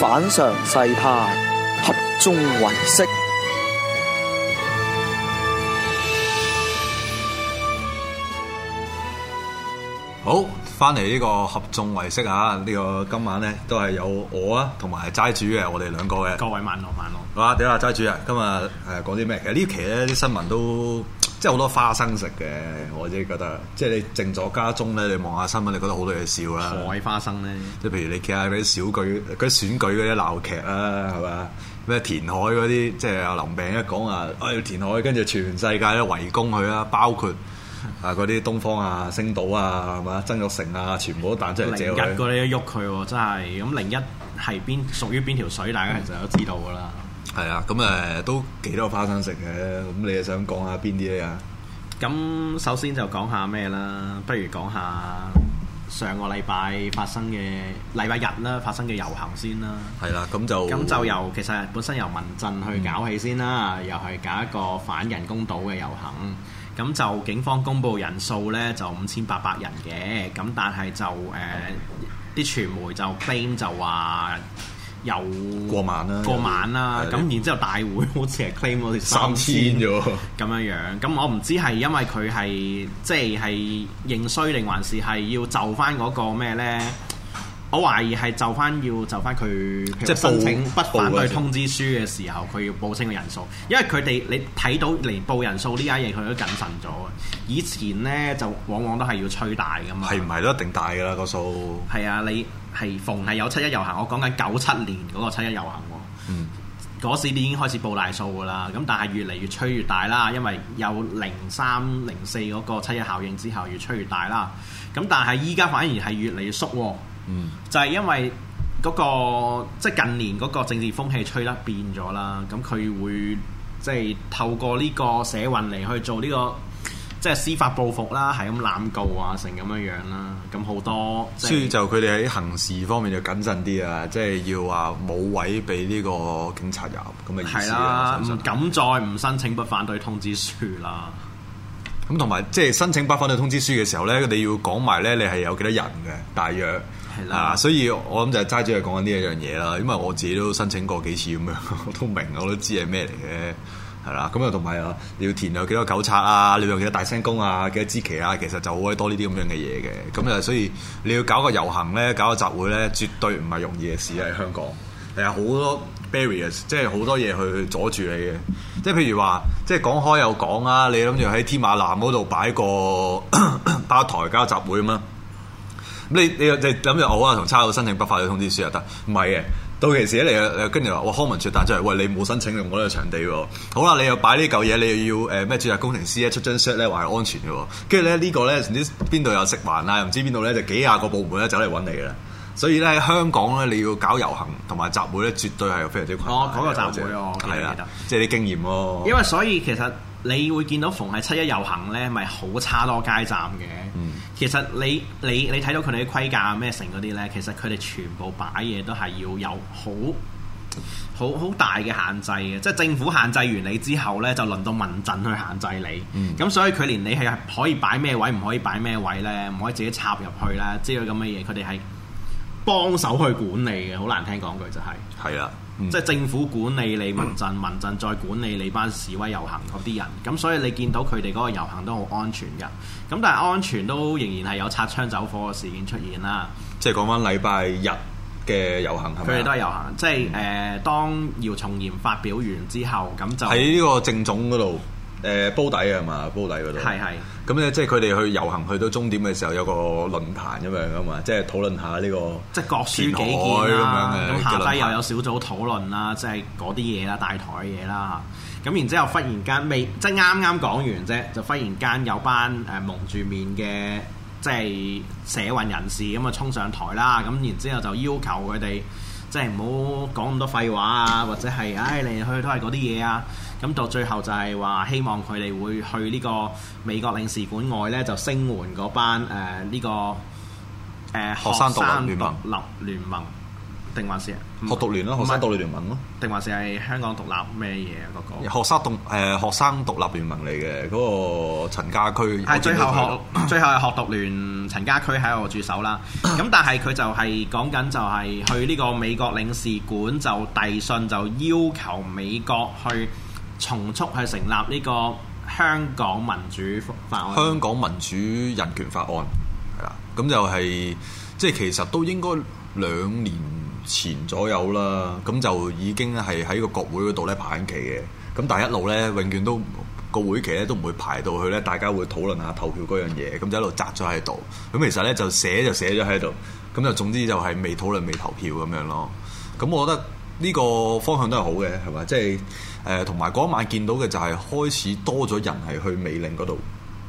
反常世態，合眾唯識。好，翻嚟呢個合眾唯識啊！呢、這個今晚咧都係有我啊，同埋齋主嘅。我哋兩個嘅。各位萬落萬落。好啊，點啊，齋主啊，今日誒講啲咩？其實呢期咧啲新聞都。即係好多花生食嘅，我自己覺得，即係你靜咗家中咧，你望下新聞，你覺得好多嘢笑啦。海花生咧，即係譬如你睇下嗰啲小舉、嗰啲選舉嗰啲鬧劇啊，係嘛？咩填海嗰啲，即係林鄭一講啊，哎，填海，跟住全世界都圍攻佢啦，包括啊嗰啲東方啊、星島啊，係嘛？曾鈺成啊，全部都彈出嚟一佢。你一喐佢，真係。咁零一係邊屬於邊條水，大家其實都知道㗎啦。係啊，咁、嗯、誒都幾多花生食嘅，咁、嗯、你又想講下邊啲嘢啊？咁首先就講下咩啦？不如講下上個禮拜發生嘅禮拜日啦，發生嘅遊行先啦。係啦、啊，咁就咁就由其實本身由民陣去搞起先啦，嗯、又係搞一個反人工島嘅遊行。咁就警方公布人數咧就五千八百人嘅，咁但係就誒啲傳媒就 claim 就話。又過萬啦，過萬啦，咁的然之後大會好似係 claim 我哋三千啫喎，咁樣樣，咁我唔知係因為佢係即係認衰定還是係要就翻嗰個咩咧？我懷疑係就翻要就翻佢即係申請不反對通知書嘅時候，佢要報清嘅人數，因為佢哋你睇到嚟報人數呢家嘢，佢都謹慎咗啊！以前咧就往往都係要吹大㗎嘛，係唔係都一定大㗎啦、個數？係啊，你。係逢係有七一遊行，我講緊九七年嗰個七一遊行喎。嗯，嗰時你已經開始報大數㗎啦。咁但係越嚟越吹越大啦，因為有零三零四嗰個七一效應之後，越吹越大啦。咁但係依家反而係越嚟越縮。嗯就、嗰個，就係因為嗰個即係近年嗰個政治風氣吹得變咗啦。咁佢會即係透過呢個社運嚟去做呢、呢個。即係司法報復啦，係咁濫告啊，成咁樣樣啦，咁好多。所以就佢哋喺行事方面就謹慎啲啊，即係要話冇位俾呢個警察入咁嘅意思。係啦，唔、啊、相再唔申請不反對通知書啦。咁同埋即係申請不反對通知書嘅時候咧，佢哋要講埋咧，你係有幾多人嘅，大約係啦、啊啊。所以，我諗就係齋主要講緊呢一樣嘢啦，因為我自己都申請過幾次咁樣，我都明，我都知係咩嚟嘅。係啦，咁又同埋啊，你要填有幾多糾察啊，你要用幾多大聲公啊，幾多支旗啊，其實就好鬼多呢啲咁樣嘅嘢嘅，咁啊、嗯、所以你要搞個遊行咧，搞個集會咧，絕對唔係容易嘅事喺、啊嗯、香港，係啊好多 barriers，即係好多嘢去阻住你嘅，即係譬如話，即係講開又講啊，你諗住喺添馬艦嗰度擺個包 台交集會咁啊，你你諗住我啊同差佬申請不反對嘅通知書就得，唔係嘅。到期時嚟啊！跟住話：我康文署彈出嚟，喂，你冇申請用我呢個場地喎。好啦，你又擺呢嚿嘢，你又要誒咩註冊工程師咧出張 set 咧，話係安全嘅。跟住咧呢、這個咧，唔知邊度有食環啊，又唔知邊度咧就幾廿個部門咧走嚟揾你啦。所以咧喺香港咧，你要搞遊行同埋集會咧，絕對係非常之困難。哦，嗰、okay, 個集會，我係記得，即係啲經驗咯。因為所以其實。你會見到逢係七一遊行呢，咪好差多街站嘅。嗯、其實你你你睇到佢哋啲規格啊，咩成嗰啲呢，其實佢哋全部擺嘢都係要有好好好大嘅限制嘅。即係政府限制完你之後呢，就輪到民陣去限制你。咁、嗯、所以佢連你係可以擺咩位，唔可以擺咩位呢，唔可以自己插入去啦之類咁嘅嘢，佢哋係幫手去管理嘅，好難聽講句就係係啦。嗯、即係政府管理你民陣，嗯、民陣再管理你班示威遊行嗰啲人，咁所以你見到佢哋嗰個遊行都好安全㗎。咁但係安全都仍然係有擦槍走火嘅事件出現啦。即係講返禮拜日嘅遊行係咪？佢哋、嗯、嗎都係遊行，即係誒、嗯、當姚松炎發表完之後，咁就喺呢個政總嗰度。誒煲底啊嘛，煲底嗰度。係係。咁咧，即係佢哋去遊行去到終點嘅時候，有個論壇咁樣啊嘛，即係討論下呢個即係各抒己見啦。咁下低又有小組討論啦，即係嗰啲嘢啦，大台嘢啦。咁然之後忽然間未，即係啱啱講完啫，就忽然間有班誒蒙住面嘅即係社運人士咁啊，衝上台啦。咁然之後就要求佢哋。即係唔好講咁多廢話啊，或者係唉嚟嚟去去都係嗰啲嘢啊。咁到最後就係話希望佢哋會去呢個美國領事館外呢，就聲援嗰班誒呢、呃這個誒、呃、學生獨立聯盟。定還是學獨聯咯，是學生獨立聯盟咯。定是還是係香港獨立咩嘢啊？嗰、那個學生獨誒學生獨立聯盟嚟嘅嗰個陳家駒係的最後學最後係學獨聯，陳家駒喺我駐守啦。咁 但係佢就係講緊就係、是、去呢個美國領事館就遞信，就要求美國去重速去成立呢個香港民主法案，香港民主人權法案係啦。咁 就係、是、即係其實都應該兩年前左右啦，咁就已經係喺個國會嗰度咧排緊期嘅。咁但係一路咧，永遠都個會期咧都唔會排到去咧，大家會討論下投票嗰樣嘢。咁就一路擳咗喺度。咁其實咧就寫就寫咗喺度。咁就總之就係未討論、未投票咁樣咯。咁我覺得呢個方向都係好嘅，係嘛？即係誒，同埋嗰晚見到嘅就係開始多咗人係去美領嗰度，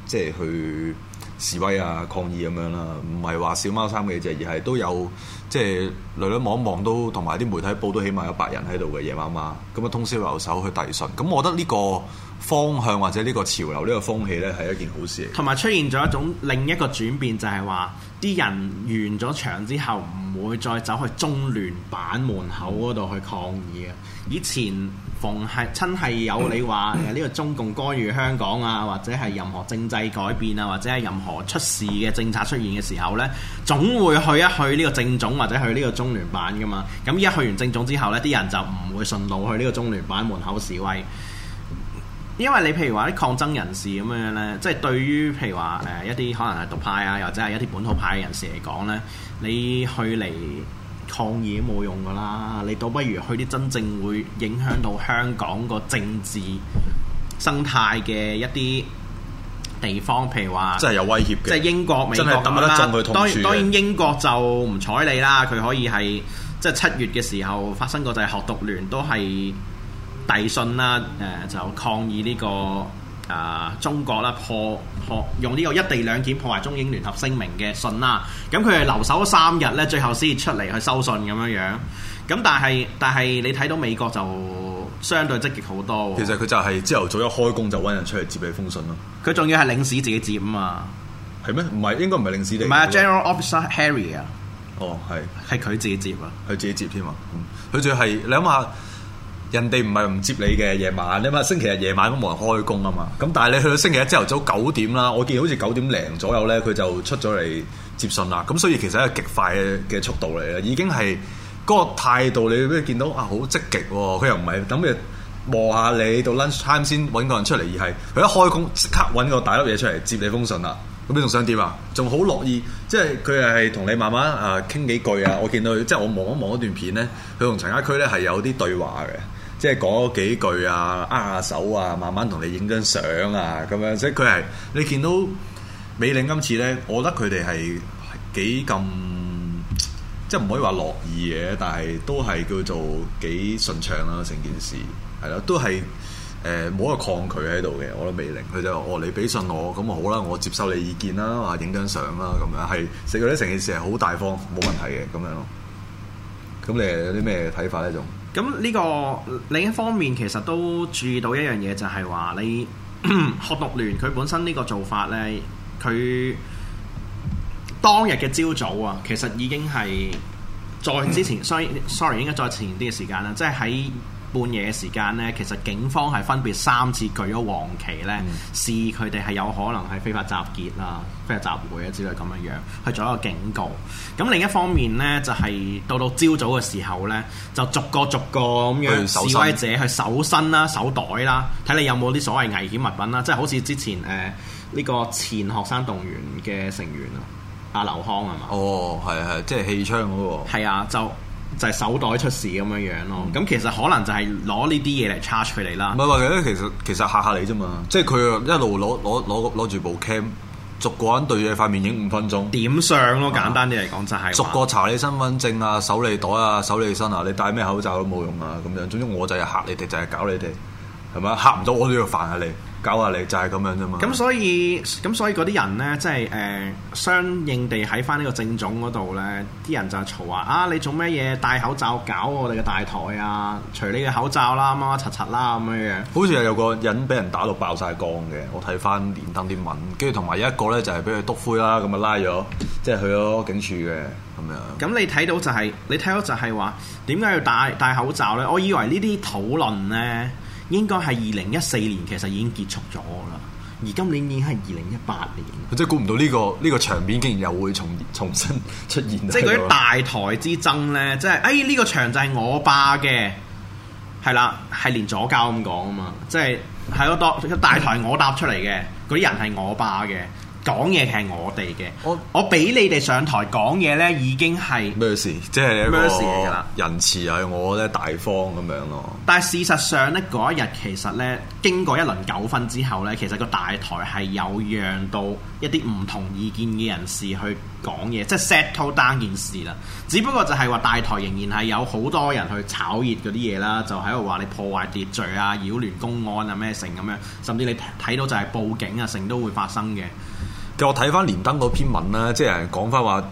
即係去。示威啊，抗議咁樣啦，唔係話小貓三幾隻，而係都有即係嚟嚟望一望都同埋啲媒體報都，起碼有百人喺度嘅夜媽媽。咁啊，通宵留守去遞信。咁我覺得呢個方向或者呢個潮流，呢個風氣呢，係一件好事。同埋出現咗一種另一個轉變就，就係話啲人完咗場之後唔會再走去中聯辦門口嗰度去抗議啊。以前。逢係真係有你話誒呢個中共干預香港啊，或者係任何政制改變啊，或者係任何出事嘅政策出現嘅時候呢，總會去一去呢個政總或者去呢個中聯辦噶嘛。咁一去完政總之後呢，啲人就唔會順路去呢個中聯辦門口示威，因為你譬如話啲抗爭人士咁樣呢，即係對於譬如話誒一啲可能係獨派啊，或者係一啲本土派嘅人士嚟講呢，你去嚟抗議冇用噶啦，你倒不如去啲真正會影響到香港個政治生態嘅一啲地方，譬如話，即係有威脅嘅，即係英國、美國啦。當然當然英國就唔睬你啦，佢可以係即係七月嘅時候發生過就係學獨聯，都係遞信啦，誒就抗議呢個。啊！中國啦破破用呢個一地兩檢破壞中英聯合聲明嘅信啦，咁佢哋留守咗三日咧，最後先至出嚟去收信咁樣樣。咁但係但係你睇到美國就相對積極好多。其實佢就係朝頭早一開工就搵人出嚟接呢封信咯。佢仲要係領事自己接啊嘛。係咩？唔係應該唔係領事嚟。唔係啊，General Officer Harry 啊。哦，係。係佢自己接啊。佢自己接添啊。佢、嗯、仲要係你諗下。人哋唔係唔接你嘅夜晚，你嘛星期日夜晚都冇人開工啊嘛。咁但係你去到星期一朝頭早九點啦，我見好似九點零左右咧，佢就出咗嚟接信啦。咁所以其實係極快嘅速度嚟嘅，已經係嗰個態度你俾佢見到啊，好積極喎。佢又唔係等佢望下你到 lunch time 先揾個人出嚟，而係佢一開工即刻揾個大粒嘢出嚟接你封信啦。咁你仲想點啊？仲好樂意，即係佢係同你慢慢啊傾幾句啊。我見到即係我望一望一,一段片咧，佢同陳家駒咧係有啲對話嘅。即係講幾句啊，握、啊、下手啊，慢慢同你影張相啊，咁樣即係佢係你見到美領今次咧，我覺得佢哋係幾咁即係唔可以話樂意嘅，但係都係叫做幾順暢啦、啊、成件事，係啦，都係誒冇一個抗拒喺度嘅。我覺得美領佢就話哦，你俾信我，咁啊好啦，我接受你意見啦，話影張相啦、啊，咁樣係食嗰啲成件事係好大方冇問題嘅咁樣咯。咁你有啲咩睇法咧仲？咁呢、這個另一方面，其實都注意到一樣嘢，就係話你 學獨立，佢本身呢個做法呢，佢當日嘅朝早，早啊，其實已經係再之前，sorry sorry，應該再前啲嘅時間啦，即係喺。半夜嘅時間咧，其實警方係分別三次舉咗黃旗咧，示意佢哋係有可能係非法集結啦、非法集會啊之類咁嘅樣，去做一個警告。咁另一方面咧，就係、是、到到朝早嘅時候咧，就逐個逐個咁樣示威者去搜身啦、搜袋啦，睇你有冇啲所謂危險物品啦。即係好似之前誒呢、呃呢個前學生動員嘅成員啊，阿劉康係嘛？哦，係啊，係即係氣槍嗰個、哦。係啊、嗯，就。就係手袋出事咁樣樣咯，咁、嗯、其實可能就係攞呢啲嘢嚟 charge 佢哋啦。唔係話其實其實嚇嚇你啫嘛，即係佢一路攞攞攞攞住部 cam，逐個人對住塊面影五分鐘。點相咯，吧簡單啲嚟講就係、是、逐個查你身份證啊、搜你袋啊、搜你身啊，你戴咩口罩都冇用啊咁樣。總之我就係嚇你哋，就係、是、搞你哋，係咪？嚇唔到我都要煩下你，你。九啊你就係、是、咁樣啫嘛。咁所以咁所以嗰啲人咧，即係誒、呃，相應地喺翻呢個正總嗰度咧，啲人就係嘈話啊，你做咩嘢戴口罩搞我哋嘅大台啊？除你嘅口罩啦、啊，乜乜柒柒啦咁樣嘅。擦擦擦啊、好似係有個人俾人打到爆晒缸嘅，我睇翻連登啲文，跟住同埋有一個咧就係俾佢篤灰啦，咁啊拉咗，即、就、係、是、去咗警署嘅咁樣。咁你睇到就係、是、你睇到就係話點解要戴戴口罩咧？我以為呢啲討論咧。應該係二零一四年，其實已經結束咗噶啦。而今年已經係二零一八年。佢真係估唔到呢個呢個場面，竟然又會重重新出現。即係嗰啲大台之爭呢，即係誒呢個場就係我霸嘅，係啦，係連左膠咁講啊嘛。即係係咯，當大台我搭出嚟嘅嗰啲人係我霸嘅。講嘢其實係我哋嘅，我我俾你哋上台講嘢呢已經係咩事？即係一個仁慈啊，我呢大方咁樣咯。但係事實上呢，嗰一日其實呢，經過一輪糾紛之後呢，其實個大台係有讓到一啲唔同意見嘅人士去講嘢，mm hmm. 即係 settle down 件事啦。只不過就係話大台仍然係有好多人去炒熱嗰啲嘢啦，就喺度話你破壞秩序啊、擾亂公安啊咩成咁樣，甚至你睇到就係報警啊成都會發生嘅。我睇翻連登嗰篇文啦，即係講翻話，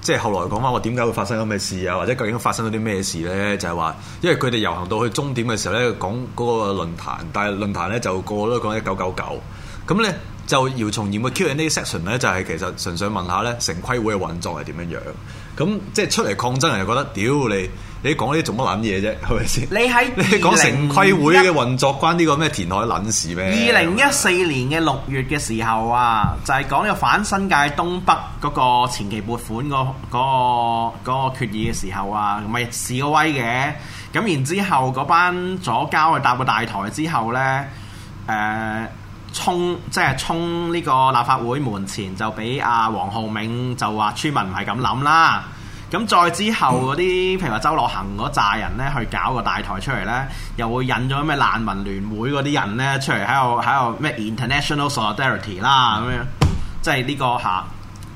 即係後來講翻話點解會發生咁嘅事啊，或者究竟發生咗啲咩事咧？就係話，因為佢哋遊行到去終點嘅時候咧，講嗰個論壇，但係論壇咧就個個都講一九九九。咁咧就姚松炎嘅 Q&A section 咧，就係其實純粹問下咧城規會嘅運作係點樣樣。咁即係出嚟抗爭人又覺得屌你。你講呢啲做乜撚嘢啫，係咪先？你喺你講城規會嘅運作關呢個咩填海撚事咩？二零一四年嘅六月嘅時候啊，就係講呢個反新界東北嗰個前期撥款嗰、嗰、嗰個嗰、嗰個嗰個、決議嘅時候啊，咪示威嘅。咁然之後嗰班左膠去搭個大台之後咧，誒、呃、衝即係、就是、衝呢個立法會門前就俾阿黃浩銘就話村民唔係咁諗啦。咁再之後嗰啲，譬如話周樂行嗰扎人咧，去搞個大台出嚟咧，又會引咗咩難民聯會嗰啲人咧出嚟喺度，喺度咩 international solidarity 啦咁樣，即係呢、呢個吓、啊，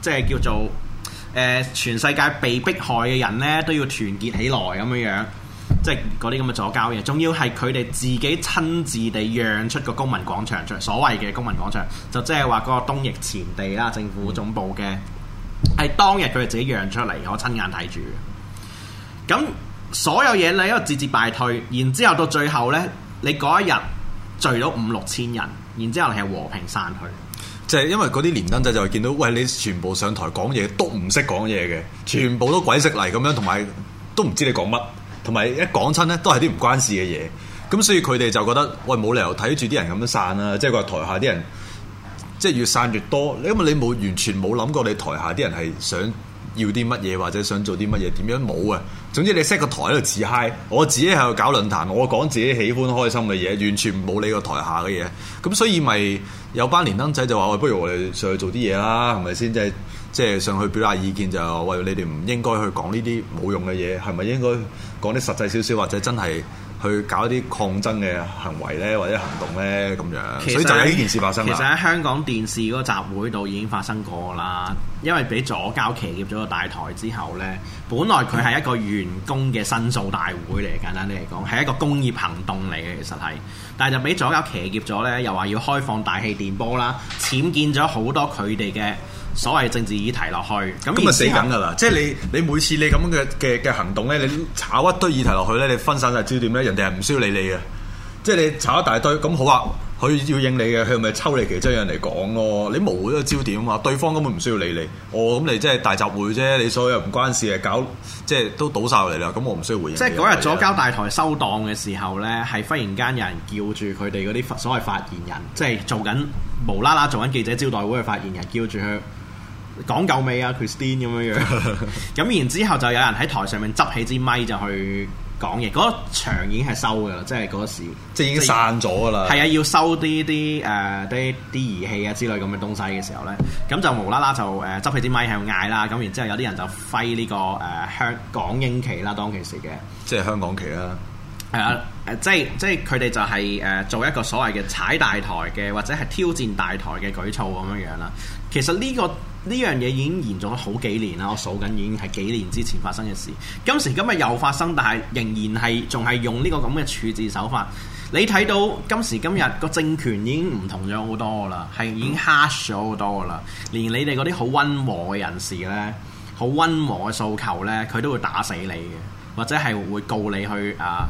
即係叫做誒、呃、全世界被迫害嘅人咧都要團結起來咁樣樣，即係嗰啲咁嘅左膠嘢，仲要係佢哋自己親自地讓出個公民廣場出，所謂嘅公民廣場就即係話嗰個東翼前地啦，政府總部嘅。嗯。係當日佢哋自己讓出嚟，我親眼睇住嘅。咁所有嘢咧，因為節節敗退，然之後到最後呢，你嗰一日聚到五六千人，然之後係和平散去。就係因為嗰啲連登仔就會見到，喂，你全部上台講嘢都唔識講嘢嘅，全部都鬼識嚟咁樣，同埋都唔知你講乜，同埋一講親呢，都係啲唔關事嘅嘢。咁所以佢哋就覺得，喂，冇理由睇住啲人咁樣散啦，即係話台下啲人。即係越散越多，因為你冇完全冇諗過你台下啲人係想要啲乜嘢，或者想做啲乜嘢，點樣冇啊？總之你 set 個台喺度自嗨，我自己喺度搞論壇，我講自己喜歡開心嘅嘢，完全冇你個台下嘅嘢。咁所以咪有班連登仔就話、哎：不如我哋上去做啲嘢啦，係咪先？即係即係上去表下意見就話你哋唔應該去講呢啲冇用嘅嘢，係咪應該講啲實際少少或者真係？去搞一啲抗爭嘅行為呢，或者行動呢，咁樣，其實所以就係呢件事發生，其實喺香港電視嗰個集會度已經發生過啦，因為俾左膠騎劫咗個大台之後呢，本來佢係一個員工嘅申訴大會嚟，簡單啲嚟講係一個工業行動嚟嘅，其實係，但係就俾左膠騎劫咗呢，又話要開放大氣電波啦，僭建咗好多佢哋嘅。所謂政治議題落去，咁咪死緊㗎啦！即係你你每次你咁樣嘅嘅嘅行動咧，你炒一堆議題落去咧，你分散晒焦點咧，人哋係唔需要理你嘅。即係你炒一大堆，咁好啊！佢要應你嘅，佢咪抽你其中有人嚟講咯。你冇呢個焦點啊嘛，對方根本唔需要理你。我咁你即係大集會啫，你所有唔關事嘅搞，即係都倒曬嚟啦。咁我唔需要回應。即係嗰日左交大台收檔嘅時候咧，係忽然間有人叫住佢哋嗰啲所謂發言人，即係做緊無啦啦做緊記者招待會嘅發言人，叫住佢。講夠未啊，Kristin 咁樣樣，咁 然之後就有人喺台上面執起支咪，就去講嘢，嗰場已經係收噶啦，就是、即係嗰時即係已經散咗噶啦。係啊，要收啲啲誒啲啲儀器啊之類咁嘅東西嘅時候咧，咁就無啦啦就誒執起支咪，喺度嗌啦，咁然之後有啲人就揮呢、這個誒、呃、香港英旗啦，當其時嘅，即係香港旗啦、啊。係啊！即係即係、就是，佢哋就係誒做一個所謂嘅踩大台嘅，或者係挑戰大台嘅舉措咁樣樣啦。其實呢、呢個呢樣嘢已經嚴重咗好幾年啦。我數緊已經係幾年之前發生嘅事。今時今日又發生，但係仍然係仲係用呢個咁嘅處置手法。你睇到今時今日個政權已經唔同咗好多噶啦，係已經 hard 咗好多噶啦。連你哋嗰啲好溫和嘅人士咧，好溫和嘅訴求咧，佢都會打死你嘅，或者係會告你去啊。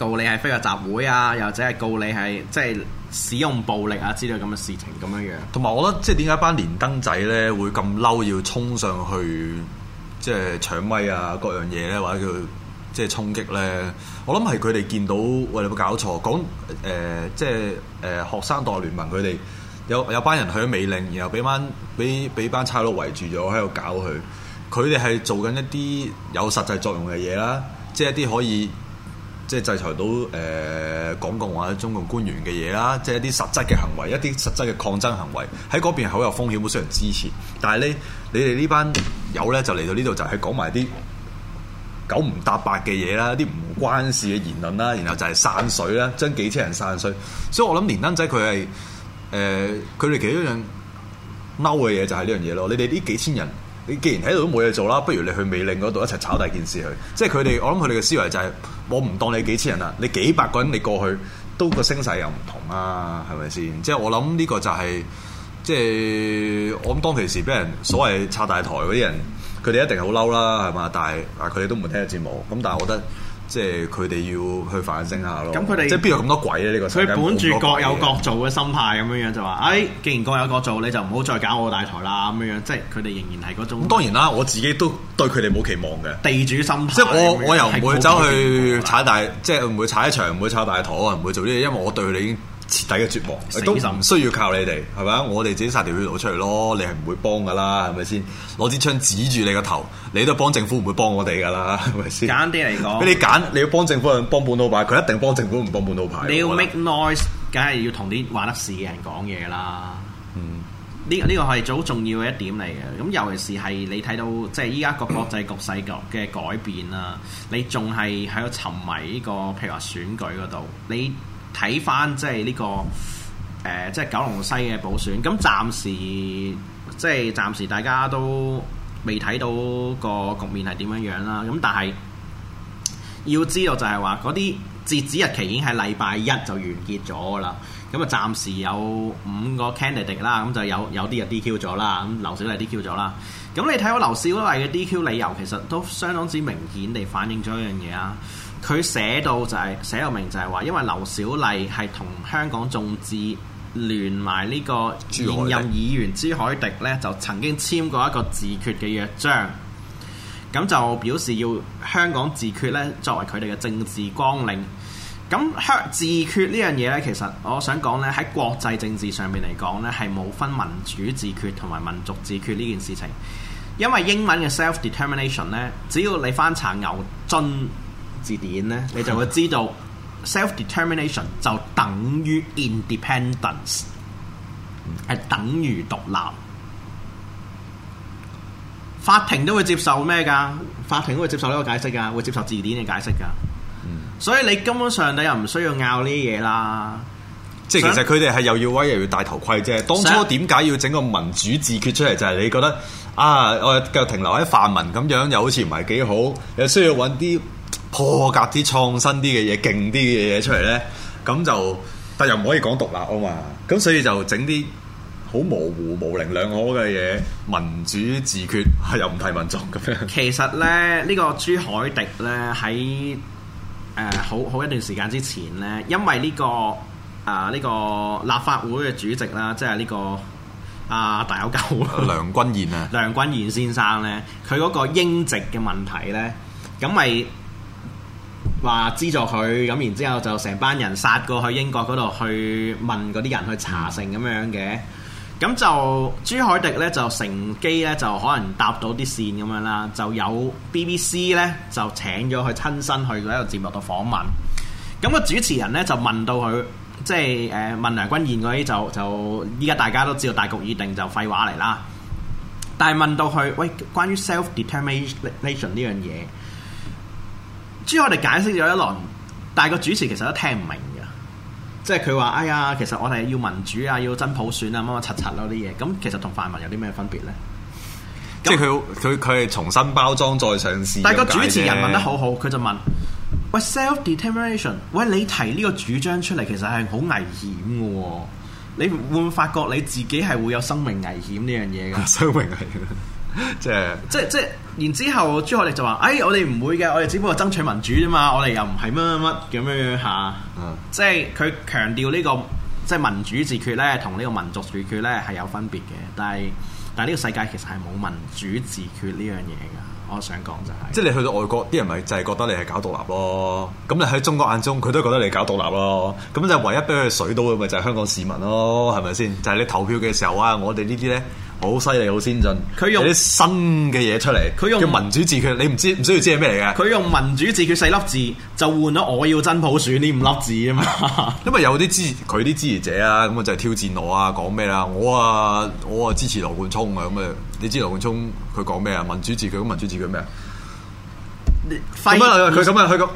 告你係非法集會啊，又或者係告你係即係使用暴力啊之類咁嘅事情咁樣樣。同埋我覺得即係點解班連登仔咧會咁嬲要衝上去即係、就是、搶威啊各樣嘢咧，或者叫即係、就是、衝擊咧？我諗係佢哋見到喂、哎、你冇搞錯，講誒即係誒學生代聯盟佢哋有有班人去咗美領，然後俾班俾俾班差佬圍住咗喺度搞佢。佢哋係做緊一啲有實際作用嘅嘢啦，即、就、係、是、一啲可以。即係制裁到誒、呃、講講話中共官員嘅嘢啦，即係一啲實質嘅行為，一啲實質嘅抗爭行為，喺嗰邊好有風險冇需要人支持。但係咧，你哋呢班友咧就嚟到呢度就係講埋啲九唔搭八嘅嘢啦，一啲唔關事嘅言論啦，然後就係散水啦，將幾千人散水。所以我諗連登仔佢係誒佢哋其中一樣嬲嘅嘢就係呢樣嘢咯。你哋呢幾千人。你既然喺度都冇嘢做啦，不如你去美領嗰度一齊炒大件事去，即係佢哋我諗佢哋嘅思維就係：我唔、就是、當你幾千人啊，你幾百個人你過去都個聲勢又唔同啊，係咪先？即係我諗呢個就係、是、即係我諗當其時俾人所謂拆大台嗰啲人，佢哋一定好嬲啦，係嘛？但係啊，佢哋都唔會聽下節目，咁但係我覺得。即係佢哋要去反省下咯。咁佢哋即係邊有咁多鬼咧？呢、呢個佢本住各有各做嘅心態咁樣樣就話，是的 哎，既然各有各做，你就唔好再搞我大台啦。咁樣樣即係佢哋仍然係嗰種。當然啦，我自己都對佢哋冇期望嘅地主心態即。即係我我又唔會走去踩大，有有即係唔會踩一場，唔會踩大台啊，唔會做呢啲嘢，因為我對你已經。徹底嘅絕望，神都唔需要靠你哋，係咪我哋自己殺條血路出嚟咯，你係唔會幫㗎啦，係咪先？攞支槍指住你個頭，你都幫政府唔會幫我哋㗎啦，係咪先？簡單啲嚟講，你揀你要幫政府，幫半路牌，佢一定幫政府唔幫半路牌。你要 make noise，梗係要同啲話得事嘅人講嘢啦。嗯，呢呢、呢個係、呢個、最好重要嘅一點嚟嘅。咁尤其是係你睇到即係依家個國際局勢嘅改變啊， 你仲係喺度沉迷呢、呢個譬如話選舉嗰度，你。睇翻即係呢個誒，即係、這個呃、九龍西嘅補選。咁暫時即係暫時大家都未睇到個局面係點樣樣啦。咁但係要知道就係話嗰啲截止日期已經係禮拜一就完結咗㗎啦。咁啊，暫時有五個 candidate 啦，咁就有有啲啊 DQ 咗啦，咁劉小麗 DQ 咗啦。咁你睇到劉小麗嘅 DQ 理由其實都相當之明顯地反映咗一樣嘢啊！佢寫到就係寫到明就係話，因為劉小麗係同香港眾志聯埋呢個現任議員朱凱迪咧，就曾經簽過一個自決嘅約章，咁就表示要香港自決咧，作為佢哋嘅政治綱領。咁自決呢樣嘢咧，其實我想講咧，喺國際政治上面嚟講咧，係冇分民主自決同埋民族自決呢件事情，因為英文嘅 self determination 咧，determ 呢，只要你翻查牛津字典呢，你就會知道 self-determination 就等於 independence，係等於獨立。法庭都會接受咩噶？法庭都會接受呢個解釋噶，會接受字典嘅解釋噶。嗯、所以你根本上你又唔需要拗呢啲嘢啦。即係其實佢哋係又要威又要戴頭盔啫。當初點解要整個民主自決出嚟？就係你覺得啊，我繼續停留喺泛民咁樣又好似唔係幾好，又需要揾啲破格啲、創新啲嘅嘢，勁啲嘅嘢出嚟呢，咁就，但又唔可以講獨立啊嘛，咁所以就整啲好模糊、模棱兩可嘅嘢，民主自決係、啊、又唔提民族咁樣。其實呢，呢、這個朱凱迪呢，喺誒、呃、好好一段時間之前呢，因為呢、這個啊呢、呃這個立法會嘅主席啦，即係呢、這個阿、啊、大友救梁君彥啊，梁君彥先生呢，佢嗰個英籍嘅問題呢。咁咪？話資助佢，咁然之後就成班人殺過去英國嗰度去問嗰啲人去查證咁樣嘅，咁、嗯、就朱凱迪咧就乘機咧就可能搭到啲線咁樣啦，就有 BBC 咧就請咗佢親身去嗰一個節目度訪問，咁、那個主持人咧就問到佢，即係誒、呃、問梁君彥嗰啲就就依家大家都知道大局已定就廢話嚟啦，但係問到佢喂關於 self-determination 呢樣嘢。即係我哋解釋咗一輪，但係個主持其實都聽唔明嘅，即係佢話：哎呀，其實我哋要民主啊，要真普選啊，乜乜柒柒咯啲嘢。咁其實同泛民有啲咩分別咧？即係佢佢佢係重新包裝再上市。但係個主持人問得好好，佢 就問：喂，Self Determination，喂，你提呢個主張出嚟，其實係好危險嘅喎。你會唔會發覺你自己係會有生命危險呢樣嘢嘅？生命危險。即係，即係，即係，然之後朱學力就話：哎，我哋唔會嘅，我哋只不過爭取民主啫嘛，我哋又唔係乜乜乜，咁樣樣吓。嗯，即係佢強調呢個即係民主自決咧，同呢個民族自決咧係有分別嘅。但係但係呢個世界其實係冇民主自決呢樣嘢噶。我想講就係，即係你去到外國啲人咪就係覺得你係搞獨立咯。咁你喺中國眼中，佢都覺得你搞獨立咯。咁就唯一俾佢水到嘅咪就係香港市民咯，係咪先？就係你投票嘅時候啊，我哋呢啲咧。好犀利，好先進，佢用啲新嘅嘢出嚟。佢用民主自決，你唔知唔需要知係咩嚟嘅。佢用民主自決四粒字，就換咗我要真普選呢五粒字啊嘛。 因為有啲支佢啲支持者啊，咁啊就係、是、挑戰我啊，講咩啦？我啊我啊支持羅冠聰啊，咁啊你知羅冠聰佢講咩啊？民主自決，民主自決咩啊？佢咁啊，佢咁。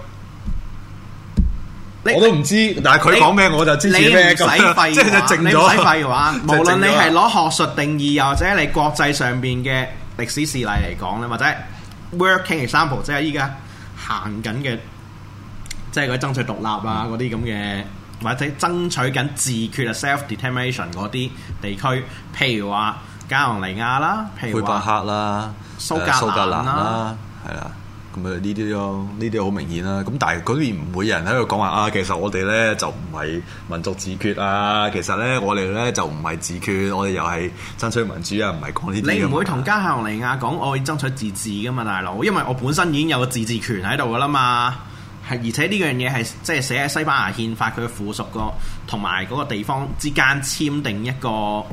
你我都唔知，但係佢講咩我就知。你咩咁樣，即係淨咗。淨廢話，無論你係攞學術定義，又或者你國際上邊嘅歷史事例嚟講咧，或者 working example，即係依家行緊嘅，即係佢啲爭取獨立啊，嗰啲咁嘅，或者爭取緊自決啊 self determination 嗰啲地區，譬如話加泰隆尼亞啦，譬如話魁北克啦，蘇、呃、蘇格蘭啦，係啦。咁啊！呢啲咯，呢啲好明顯啦。咁但係嗰邊唔會有人喺度講話啊。其實我哋咧就唔係民族自決啊。其實咧我哋咧就唔係自決，我哋又係爭取民主啊。唔係講呢啲。你唔會同加泰羅尼亞講我要爭取自治㗎嘛，大佬？因為我本身已經有個自治權喺度㗎喇嘛。係而且呢樣嘢係即係寫喺西班牙憲法佢嘅附屬個同埋嗰個地方之間簽訂一個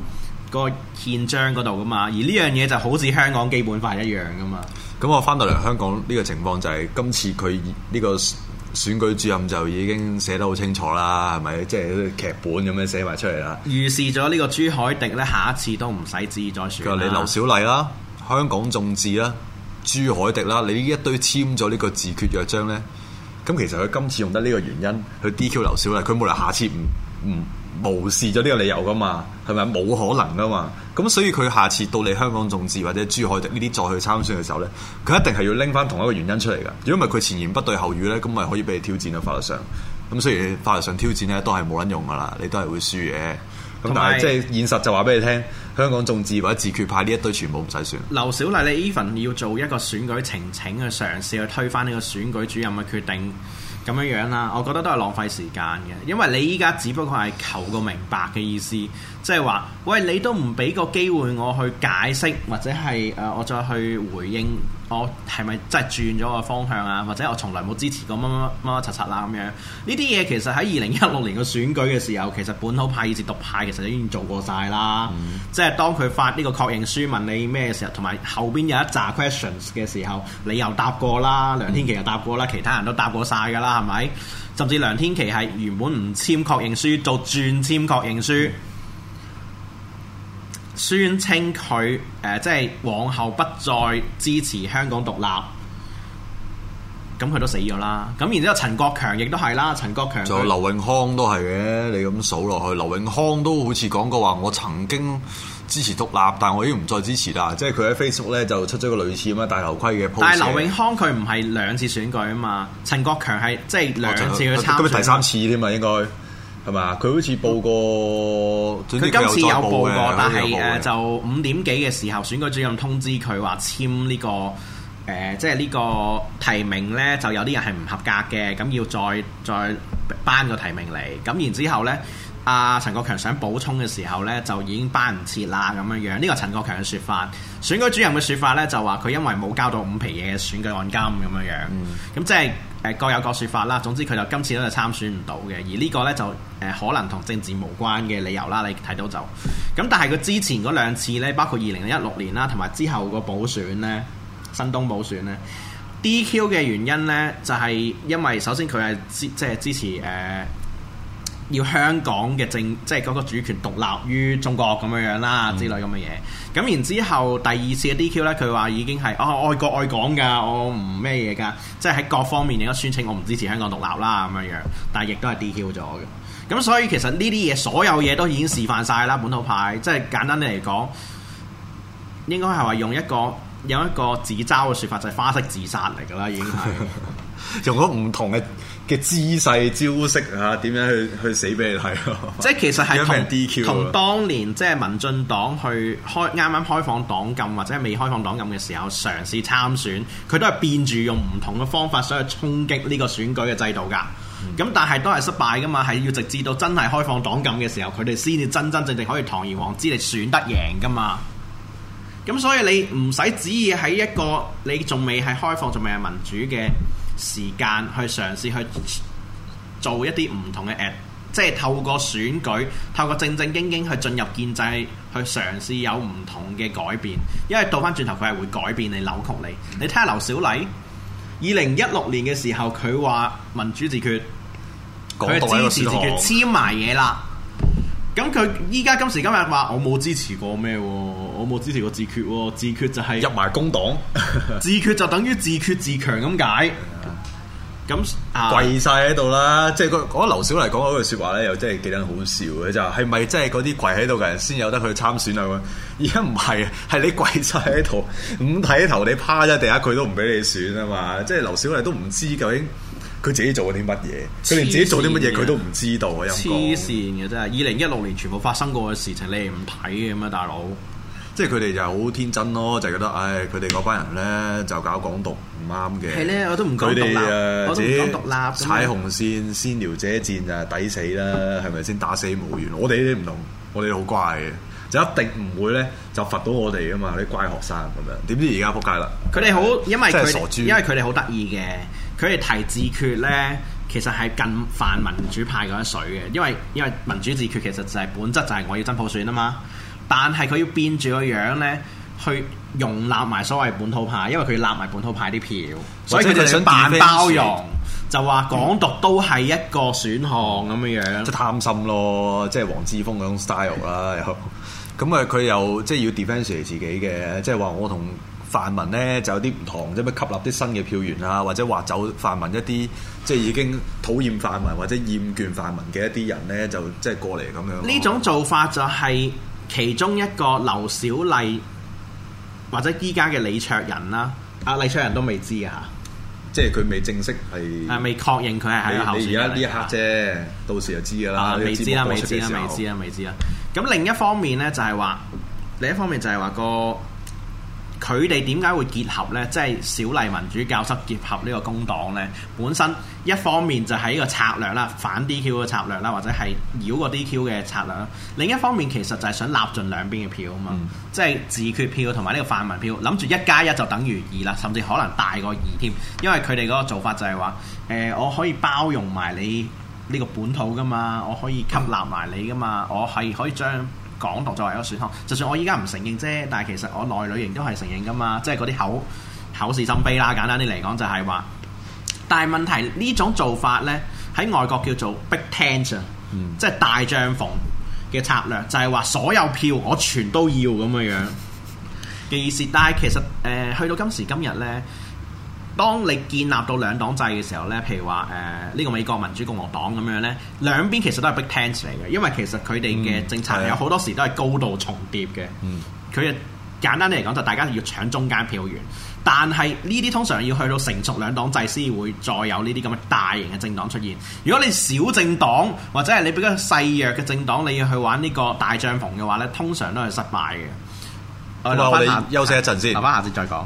個憲章嗰度噶嘛，而呢樣嘢就好似香港基本法一樣噶嘛。咁我翻到嚟香港呢個情況就係、是，今次佢呢個選舉主任就已經寫得好清楚啦，係咪？即係劇本咁樣寫埋出嚟啦。預示咗呢個朱凱迪咧，下一次都唔使志在選。㗎你劉小麗啦，香港眾志啦，朱凱迪啦，你呢一堆簽咗呢個自決約章咧，咁其實佢今次用得呢個原因去 DQ 劉小麗，佢冇理由下次唔唔。嗯無視咗呢個理由噶嘛，係咪？冇可能噶嘛，咁所以佢下次到嚟香港眾志或者朱凱廸呢啲再去參選嘅時候呢，佢一定係要拎翻同一個原因出嚟㗎。如果唔係佢前言不對後語呢，咁咪可以俾你挑戰到法律上。咁雖然法律上挑戰呢都係冇撚用㗎啦，你都係會輸嘅。咁但係有即係現實就話俾你聽，香港眾志或者自決派呢一堆全部唔使算。劉小麗，你 even 要做一個選舉呈請去嘗試去推翻呢個選舉主任嘅決定？咁樣樣啦，我覺得都係浪費時間嘅，因為你依家只不過係求個明白嘅意思，即係話，喂，你都唔俾個機會我去解釋，或者係誒、呃，我再去回應。我係咪真係轉咗個方向啊？或者我從來冇支持過乜乜乜乜乜柒柒啦，咁樣呢啲嘢，其實喺二零一六年嘅選舉嘅時候，其實本土派、以至獨派其實已經做過晒啦。嗯、即係當佢發呢個確認書問你咩嘅時候，同埋後邊有一紮 questions 嘅時候，你又答過啦，梁天琦又答過啦，嗯、其他人都答過晒㗎啦，係咪？甚至梁天琦係原本唔簽確認書，做轉簽確認書。宣稱佢誒、呃、即係往後不再支持香港獨立，咁佢都死咗啦。咁然之後，陳國強亦都係啦。陳國強仲有劉永康都係嘅。你咁數落去，劉永康都好似講過話，我曾經支持獨立，但係我已經唔再支持啦。即係佢喺 Facebook 咧就出咗個類似咁嘅大頭盔嘅 post，但係劉永康佢唔係兩次選舉啊嘛，陳國強係即係兩次去參，佢咪、哦就是、第三次添嘛應該。係嘛？佢好似報過，佢今次有報過，但係是誒、uh, 就五點幾嘅時候，選舉主任通知佢話簽呢、這個誒，即係呢個提名呢，就有啲人係唔合格嘅，咁要再再頒個提名嚟。咁然之後呢，阿、啊、陳國強想補充嘅時候呢，就已經頒唔切啦咁樣樣。呢個陳國強嘅説法。選舉主任嘅説法咧，就話佢因為冇交到五皮嘢嘅選舉按金咁樣樣，咁即係誒各有各説法啦。總之佢就今次都係參選唔到嘅。而呢個咧就誒可能同政治無關嘅理由啦。你睇到就咁，但係佢之前嗰兩次咧，包括二零一六年啦，同埋之後個補選咧，新東補選咧，DQ 嘅原因咧就係因為首先佢係支即係支持誒。呃要香港嘅政，即係嗰個主權獨立於中國咁樣樣啦，嗯、之類咁嘅嘢。咁然之後，第二次嘅 DQ 咧，佢話已經係哦，愛國愛港㗎，我唔咩嘢㗎，即係喺各方面應該宣稱我唔支持香港獨立啦，咁樣樣。但係亦都係 DQ 咗嘅。咁所以其實呢啲嘢，所有嘢都已經示範晒啦。本土派，即係簡單啲嚟講，應該係話用一個用一個自嘲嘅說法，就係、是、花式自殺嚟㗎啦，已經係 用咗唔同嘅嘅姿勢招式啊點、啊、樣去去死俾你睇咯。 即係其實係同同當年即係民進黨去開啱啱開放黨禁，或者未開放黨禁嘅時候嘗試參選，佢都係變住用唔同嘅方法想去衝擊呢個選舉嘅制度㗎。咁、嗯、但係都係失敗㗎嘛，係要直至到真係開放黨禁嘅時候，佢哋先至真真正正可以堂而皇之你選得贏㗎嘛。咁所以你唔使旨意喺一個你仲未係開放，仲未係民主嘅時間去嘗試去做一啲唔同嘅 App，即係透過選舉，透過正正經經去進入建制，去嘗試有唔同嘅改變。因為倒翻轉頭佢係會改變你、扭曲你。你睇下劉小麗，二零一六年嘅時候佢話民主自決，佢支持自決黐埋嘢啦。咁佢依家今時今日話，我冇支持過咩，我冇支持過自決，自決就係、是、入埋工黨， 自決就等於自決自強咁解。咁、 啊、跪晒喺度啦，即係講講劉小麗講嗰句說話咧，又真係幾得好笑嘅，就係咪即係嗰啲跪喺度嘅人先有得去參選啊？而家唔係，係你跪晒喺度， 五體投地你趴喺第一佢都唔俾你選啊嘛！即係劉小麗都唔知究竟。佢自己做啲乜嘢？佢連自己做啲乜嘢佢都唔知道啊經！黐線嘅真係，二零一六年全部發生過嘅事情你唔睇嘅咁啊，大佬！即係佢哋就好天真咯，就係覺得，唉、哎，佢哋嗰班人咧就搞港獨唔啱嘅。係咧，我都唔佢哋啊，自己踩紅線先撩者賤就係抵死啦，係咪先打死無怨？我哋呢啲唔同，我哋好乖嘅，就一定唔會咧就罰到我哋啊嘛！啲乖學生咁樣，點知而家撲街啦？佢哋好，因為佢因為佢哋好得意嘅。佢哋提自決咧，其實係近泛民主派嗰啲水嘅，因為因為民主自決其實就係本質就係我要爭普選啊嘛，但係佢要變住個樣咧，去容納埋所謂本土派，因為佢要納埋本土派啲票，是所以佢就想扮包容，就話港獨都係一個選項咁嘅樣、嗯。即係貪心咯，即、就、係、是、黃之鋒嗰種 style 啦， 咁啊，佢又即係要 defence 自己嘅，即係話我同。泛民咧就有啲唔同，即係咪吸納啲新嘅票源啊，或者挖走泛民一啲即係已經討厭泛民或者厭倦泛民嘅一啲人咧，就即係過嚟咁樣。呢種做法就係其中一個劉小麗，或者依家嘅李卓仁啦。啊，李卓仁都未知啊，即係佢未正式係，啊未確認佢係喺度候選。你你而家呢一刻啫，到時就知噶啦、啊啊。未知啦，未知啦，未知啦，未知啦。咁另一方面咧就係、是、話，另一方面就係、是、話、那個。佢哋點解會結合呢？即、就、係、是、小麗民主教室結合呢個工黨呢，本身一方面就係呢個策略啦，反 DQ 嘅策略啦，或者係繞個 DQ 嘅策略。另一方面其實就係想立盡兩邊嘅票啊嘛，即係、嗯、自決票同埋呢個泛民票，諗住一加一就等於二啦，甚至可能大過二添。因為佢哋嗰個做法就係話：誒、呃，我可以包容埋你呢個本土噶嘛，我可以吸納埋你噶嘛，我係可，可以將。港獨作為一個選項，就算我依家唔承認啫，但係其實我內裏型都係承認噶嘛，即係嗰啲口口是心非啦。簡單啲嚟講，就係、是、話，但係問題呢種做法呢，喺外國叫做 big tent，、嗯、即係大帳篷嘅策略，就係、是、話所有票我全都要咁嘅樣嘅 意思。但係其實誒、呃，去到今時今日呢。當你建立到兩黨制嘅時候呢，譬如話誒，呢個美國民主共和黨咁樣呢，兩邊其實都係 big tent 嚟嘅，因為其實佢哋嘅政策有好多時都係高度重疊嘅。嗯，佢嘅簡單啲嚟講就大家要搶中間票源，但係呢啲通常要去到成熟兩黨制先會再有呢啲咁嘅大型嘅政黨出現。如果你小政黨或者係你比較細弱嘅政黨，你要去玩呢個大帳篷嘅話呢，通常都係失敗嘅。阿羅喂，我我休息一陣先，爸爸、啊、下次再講。